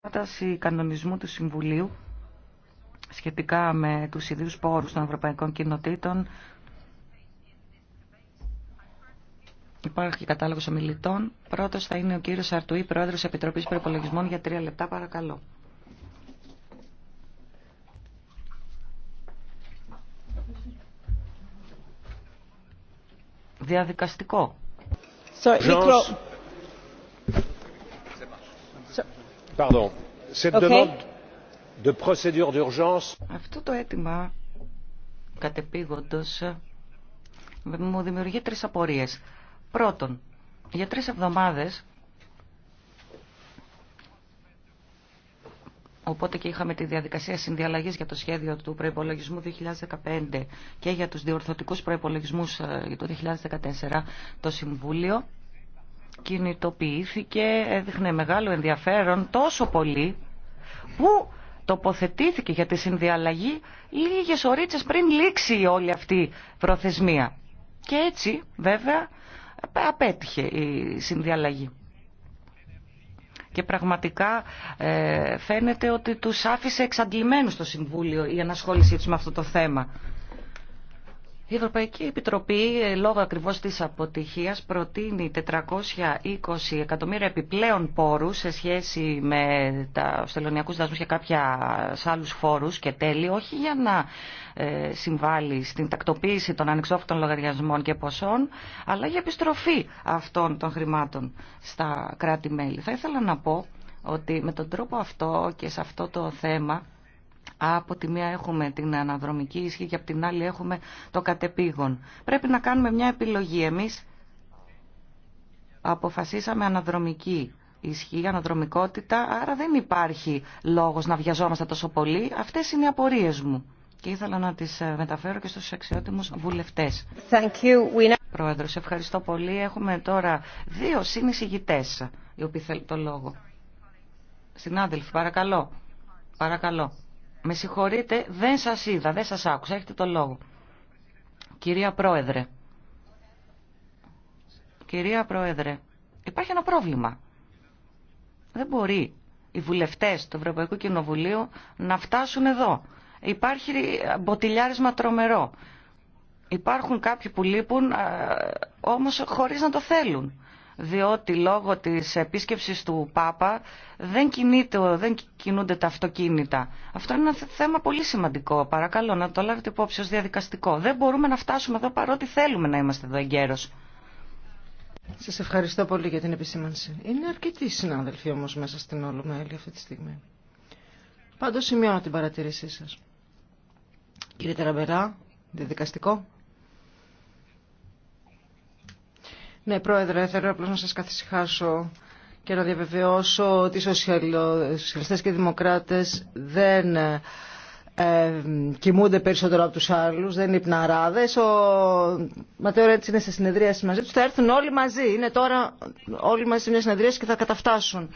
πρόταση κανονισμού του Συμβουλίου σχετικά με τους ιδίους πόρους των Ευρωπαϊκών Κοινοτήτων. Υπάρχει κατάλογος ομιλητών. Πρώτος θα είναι ο κύριος Αρτουή, Πρόεδρος Επιτροπής Προπολογισμών για τρία λεπτά παρακαλώ. Διαδικαστικό. Sorry, Αυτό το αίτημα κατεπήγοντος μου δημιουργεί τρεις απορίες. Πρώτον, για τρεις εβδομάδες, οπότε και είχαμε τη διαδικασία συνδιαλλαγής για το σχέδιο του προϋπολογισμού 2015 και για τους διορθωτικούς προϋπολογισμούς ε, του 2014, το Συμβούλιο κινητοποιήθηκε, έδειχνε μεγάλο ενδιαφέρον τόσο πολύ που τοποθετήθηκε για τη συνδιαλλαγή λίγες ωρίτσες πριν λήξει όλη αυτή η προθεσμία. Και έτσι βέβαια απέτυχε η συνδιαλλαγή. Και πραγματικά ε, φαίνεται ότι τους άφησε εξαντλημένους στο Συμβούλιο η ανασχόλησή τους με αυτό το θέμα. Η Ευρωπαϊκή Επιτροπή, ε, λόγω ακριβώς της αποτυχίας, προτείνει 420 εκατομμύρια επιπλέον πόρους σε σχέση με τα στελωνιακούς δασμούς και κάποια άλλους φόρους και τέλη, όχι για να ε, συμβάλλει στην τακτοποίηση των ανεξόφυτων λογαριασμών και ποσών, αλλά για επιστροφή αυτών των χρημάτων στα κράτη-μέλη. Θα ήθελα να πω ότι με τον τρόπο αυτό και σε αυτό το θέμα από τη μία έχουμε την αναδρομική ισχύ και από την άλλη έχουμε το κατεπήγον. Πρέπει να κάνουμε μια επιλογή. Εμείς αποφασίσαμε αναδρομική ισχύει αναδρομικότητα, άρα δεν υπάρχει λόγος να βιαζόμαστε αποφασισαμε αναδρομικη ισχυ αναδρομικοτητα πολύ. Αυτές είναι οι απορίες μου και ήθελα να τις ε, μεταφέρω και στους αξιότιμους βουλευτές. Thank you. ευχαριστώ πολύ. Έχουμε τώρα δύο συνεισηγητές, οι οποίοι θέλουν το λόγο. Συνάδελφοι, παρακαλώ. Παρακαλώ. Με συγχωρείτε, δεν σας είδα, δεν σας άκουσα. Έχετε το λόγο. Κυρία Πρόεδρε. Κυρία Πρόεδρε, υπάρχει ένα πρόβλημα. Δεν μπορεί οι βουλευτές του Ευρωπαϊκού Κοινοβουλίου να φτάσουν εδώ. Υπάρχει μποτιλιάρισμα τρομερό. Υπάρχουν κάποιοι που λείπουν, ε, όμως χωρίς να το θέλουν διότι λόγω της επίσκεψης του Πάπα δεν, κινείται, δεν κινούνται τα αυτοκίνητα. Αυτό είναι ένα θέμα πολύ σημαντικό. Παρακαλώ να το λάβετε υπόψη ως διαδικαστικό. Δεν μπορούμε να φτάσουμε εδώ παρότι θέλουμε να είμαστε εδώ εγκαίρως. Σας ευχαριστώ πολύ για την επισήμανση. Είναι αρκετοί συνάδελφοι όμως μέσα στην Όλο μέλη αυτή τη στιγμή. Πάντως σημειώνω την παρατήρησή σας. Κύριε Τεραμπερά, διαδικαστικό. Ναι, Πρόεδρε, θέλω απλώ να σα καθησυχάσω και να διαβεβαιώσω ότι οι σοσιαλιστέ και οι δημοκράτε δεν ε, κοιμούνται περισσότερο από του άλλου, δεν είναι υπναράδε. Ο Ματέο Ρέτσι είναι σε συνεδρίαση μαζί του. Θα έρθουν όλοι μαζί. Είναι τώρα όλοι μαζί σε μια συνεδρίαση και θα καταφτάσουν.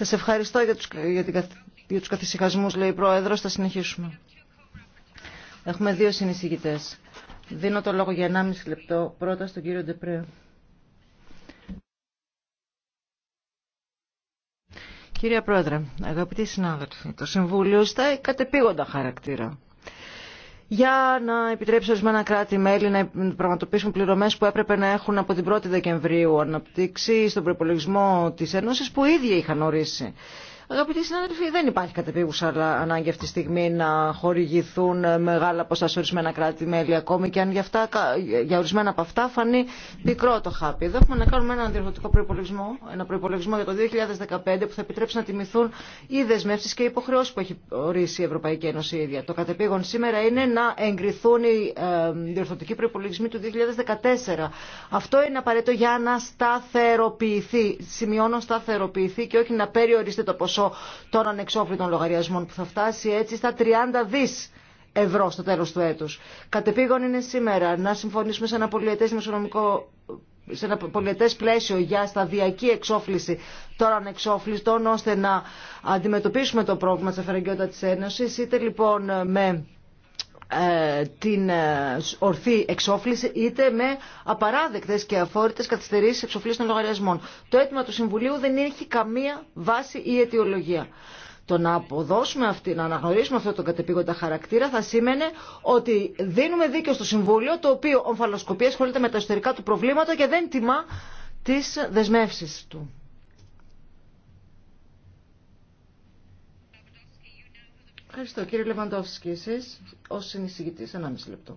Σα ευχαριστώ για του για, για τους λέει η πρόεδρο. Θα συνεχίσουμε. Έχουμε δύο συνεισηγητέ. Δίνω το λόγο για 1,5 λεπτό πρώτα στον κύριο Ντεπρέ. Κυρία Πρόεδρε, αγαπητοί συνάδελφοι, το Συμβούλιο στα κατεπίγοντα χαρακτήρα για να επιτρέψει ορισμένα κράτη-μέλη να πραγματοποιήσουν πληρωμέ που έπρεπε να έχουν από την 1η Δεκεμβρίου αναπτύξει στον προπολογισμό τη Ένωση, που ήδη είχαν ορίσει. Αγαπητοί συνάδελφοι, δεν υπάρχει κατεπίγουσα ανάγκη αυτή τη στιγμή να χορηγηθούν μεγάλα ποσά σε ορισμένα κράτη-μέλη ακόμη και αν για, αυτά, για ορισμένα από αυτά φανεί πικρό το χάπι. Εδώ έχουμε να κάνουμε έναν διορθωτικό προπολογισμό, ένα προπολογισμό για το 2015 που θα επιτρέψει να τιμηθούν οι δεσμεύσει και οι υποχρεώσει που έχει ορίσει η Ευρωπαϊκή Ένωση ίδια. Το κατεπίγον σήμερα είναι να εγκριθούν οι διορθωτικοί προπολογισμοί του 2014. Αυτό είναι απαραίτητο για να σταθεροποιηθεί. Σημειώνω σταθεροποιηθεί και όχι να περιοριστεί το ποσό ποσό των ανεξόφλητων λογαριασμών που θα φτάσει έτσι στα 30 δις ευρώ στο τέλος του έτους. Κατεπήγον είναι σήμερα να συμφωνήσουμε σε ένα πολιετές οικονομικό σε ένα πολιετέ πλαίσιο για σταδιακή εξόφληση των ανεξόφλητων, ώστε να αντιμετωπίσουμε το πρόβλημα τη αφαιρεγκαιότητα τη Ένωση, είτε λοιπόν με ε, την ε, ορθή εξόφληση είτε με απαράδεκτες και αφόρητες καθυστερήσεις εξοφλήσεων των λογαριασμών. Το αίτημα του Συμβουλίου δεν έχει καμία βάση ή αιτιολογία. Το να αποδώσουμε αυτή, να αναγνωρίσουμε αυτό το κατεπήγοντα χαρακτήρα θα σήμαινε ότι δίνουμε δίκιο στο Συμβούλιο το οποίο ομφαλοσκοπία ασχολείται με τα εσωτερικά του προβλήματα και δεν τιμά τις δεσμεύσεις του. Ευχαριστώ. Κύριε Λεβαντόφσκι, εσείς ως συνεισηγητής μισή λεπτό.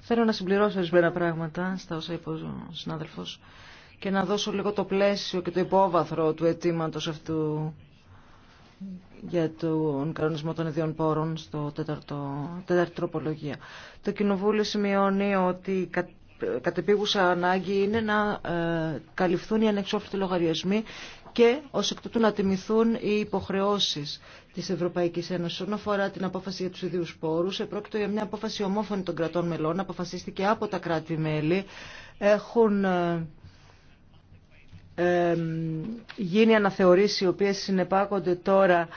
Θέλω να συμπληρώσω ορισμένα πράγματα στα όσα είπε ο συνάδελφος και να δώσω λίγο το πλαίσιο και το υπόβαθρο του αιτήματο αυτού για τον κανονισμό των ιδιών πόρων στο τέταρτο, τέταρτη τροπολογία. Το Κοινοβούλιο σημειώνει ότι κατεπίγουσα ανάγκη είναι να ε, καλυφθούν οι ανεξόφλητοι λογαριασμοί και ω εκ τούτου να τιμηθούν οι υποχρεώσει τη Ευρωπαϊκή Ένωση. Όσον αφορά την απόφαση για του ιδίου πόρου, επρόκειτο για μια απόφαση ομόφωνη των κρατών μελών, αποφασίστηκε από τα κράτη-μέλη. Έχουν ε, ε, γίνει αναθεωρήσει οι οποίες συνεπάγονται τώρα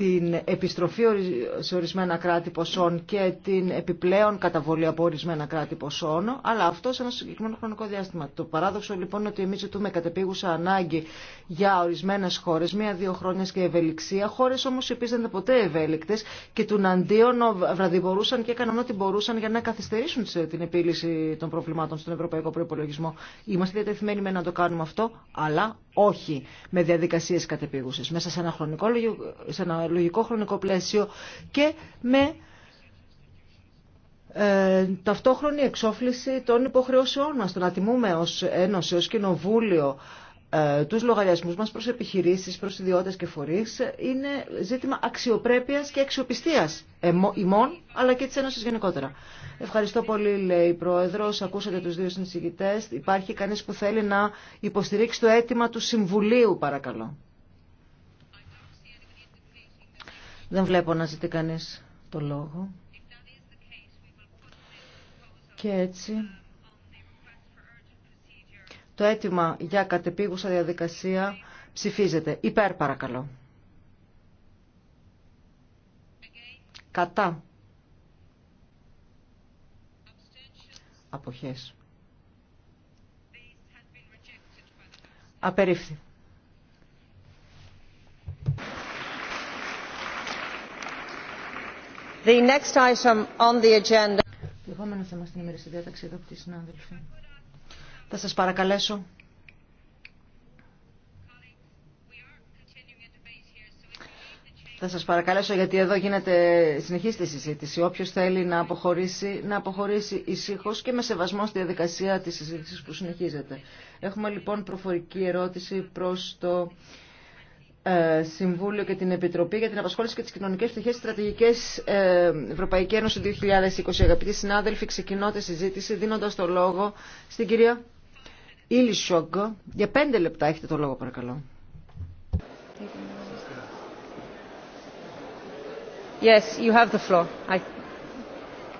την επιστροφή σε ορισμένα κράτη ποσών και την επιπλέον καταβολή από ορισμένα κράτη ποσών, αλλά αυτό σε ένα συγκεκριμένο χρονικό διάστημα. Το παράδοξο λοιπόν είναι ότι εμεί ζητούμε κατεπίγουσα ανάγκη για ορισμένε χώρε, μία-δύο χρόνια και ευελιξία, χώρε όμω οι οποίε δεν ήταν ποτέ ευέλικτε και του αντίον βραδιμπορούσαν και έκαναν ό,τι μπορούσαν για να καθυστερήσουν την επίλυση των προβλημάτων στον ευρωπαϊκό προπολογισμό. Είμαστε διατεθειμένοι με να το κάνουμε αυτό, αλλά όχι με διαδικασίε κατεπίγουσε. Μέσα σε ένα χρονικό σε ένα λογικό χρονικό πλαίσιο και με ε, ταυτόχρονη εξόφληση των υποχρεώσεών μας, το να τιμούμε ως Ένωση, ως Κοινοβούλιο, ε, τους λογαριασμούς μας προς επιχειρήσεις, προς ιδιώτες και φορείς, είναι ζήτημα αξιοπρέπειας και αξιοπιστίας ημών, αλλά και της Ένωσης γενικότερα. Ευχαριστώ πολύ, λέει η Πρόεδρος. Ακούσατε τους δύο συνεισηγητές. Υπάρχει κανείς που θέλει να υποστηρίξει το αίτημα του Συμβουλίου, παρακαλώ. Δεν βλέπω να ζητεί κανείς το λόγο. Και έτσι... Το αίτημα για κατεπίγουσα διαδικασία ψηφίζεται. Υπέρ παρακαλώ. Κατά. Αποχές. Απερίφθη. The Επόμενο θέμα στην Θα σας παρακαλέσω. Θα σας παρακαλέσω γιατί εδώ γίνεται συνεχίστη συζήτηση. Όποιος θέλει να αποχωρήσει, να αποχωρήσει ησυχώς και με σεβασμό στη διαδικασία της συζήτησης που συνεχίζεται. Έχουμε λοιπόν προφορική ερώτηση προς το ε, Συμβούλιο και την Επιτροπή για την Απασχόληση και τις Κοινωνικές Στρατηγικέ Στρατηγικές ε, Ευρωπαϊκή Ένωση 2020. Αγαπητοί συνάδελφοι, ξεκινώ τη συζήτηση δίνοντας το λόγο στην κυρία Σόγκο. Για πέντε λεπτά έχετε το λόγο παρακαλώ. Yes, you have the floor. I...